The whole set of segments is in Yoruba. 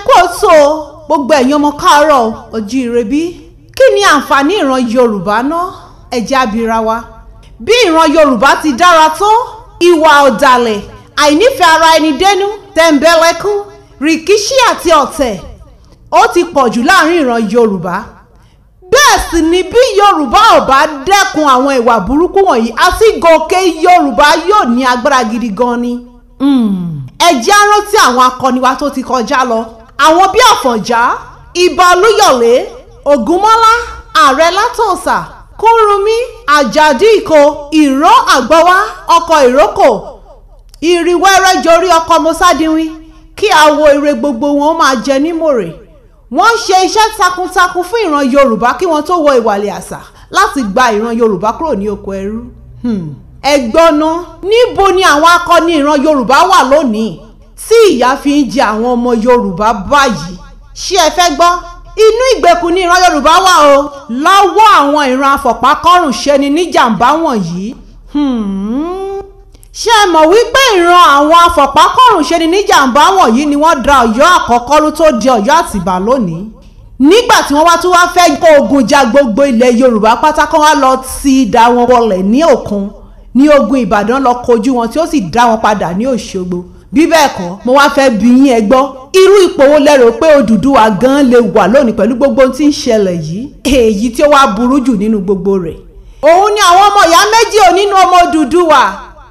àkóso gbogbo ẹ̀yin ọmọ káàárọ̀ òjíire bí kí ni àǹfààní ìran yorùbá náà ẹ̀jẹ̀ abira wa bí ìran yorùbá ti dára tó ìwà ọ̀dàlẹ̀ àìnífẹ̀ẹ́ ara ẹni dẹ́nu tẹ̀m̀bẹ̀lẹ̀kún rìkíṣí àti ọ̀tẹ̀ ó ti pọ̀ jù láàrin ìran yorùbá bẹ́ẹ̀ sì ni bí yorùbá ò bá dẹ́kun àwọn ìwà burúkú wọ̀nyí àti gòkè yorùbá yóò ní agbára gidi gan ni hmm. ẹ jẹ́ á rántí àwọn akọni wa tó ti kọjá lọ àwọn bíi àfọ̀njá ìbà olúyọ̀lé ògúnmọ́lá ààrẹ látọ̀ọ̀sà kúrúnmí àjàdí ìkó ìró àgbọ́wá ọkọ̀ ìrókò ìrìwẹ́rẹ́ jorí ọkọ̀ mọ́sádìnwín kí àwo ire gbogbo wọn máa jẹ ní mòrè wọ́n ṣe iṣẹ́ takuntakun fún ìran yorùbá kí wọ́n tó wọ ìwàlẹ̀ àṣà láti gba ìran yorùbá kúrò ní oko ẹrú. Hmm. ẹ̀gbọ́n náà níbo ni àwọn akọni ìran yorùbá wà lónìí tí ìyá fi ń jẹ àwọn ọmọ Yorùbá báyìí ṣé ẹ fẹ́ gbọ́ inú ìgbèkùn ni ìran Yorùbá wà o lọ́wọ́ àwọn ìran afọ̀pákọ́rùn ṣe ni níjàmbá wọ̀nyí hmm. ṣé ẹ mọ̀ wípé ìran àwọn afọ̀pákọ́rùn ṣe ni níjàmbá wọ̀nyí ni wọ́n da Ọ̀yọ́ àkọ́kọ́ rú tó di Ọ̀yọ́ Àtìbà lónìí nígbà tí wọ́n wá tún wá fẹ́ kó ogun ja gbogbo ilẹ̀ Yorùbá pátákán wá lọ ti dà wọ́n wọlẹ̀ ní òkun ní ogun Ìbàdàn lọ kojú wọn tí ó sì dá wọn padà ní Òṣogbo bí bẹ́ẹ̀ kọ́ mo wá fẹ́ bi yín ẹ gbọ́ irú ipò wo lẹ rò pé Odùduwà gan lè wà lónìí pẹ̀lú gbogbo tí ń ṣẹlẹ̀ yìí èyí tí ó wá burú jù nínú gbogbo rẹ̀. òun ni àwọn ọmọ ìyá méjì ò nínú ọmọ Odùduwà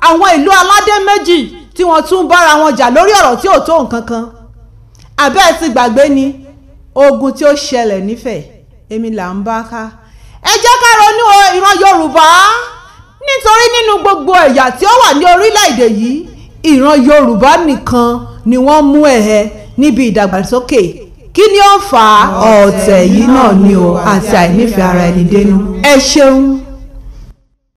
àwọn ìlú aládé méjì tí wọ́n tún bára wọn jà lórí ọ̀rọ̀ tí ò tó nǹkan kan abẹ́ ẹ ti gbàgbé ni ogun tí ó ṣẹlẹ̀ nífẹ̀ẹ́ èmi là ń bá ká ẹ jẹ́ ká ronú ìran Yorùbá nítorí nínú gbogbo ẹ̀yà tí ó wà ní orílẹ̀-èdè yìí ìran yorùbá nìkan ni wọ́n mú ẹ̀hẹ́ níbi ìdàgbàsókè kí ni ó fà á ọ̀tẹ̀ yìí náà ni o àti àìnífẹ̀ẹ́ ara ẹni dénú ẹ ṣeun.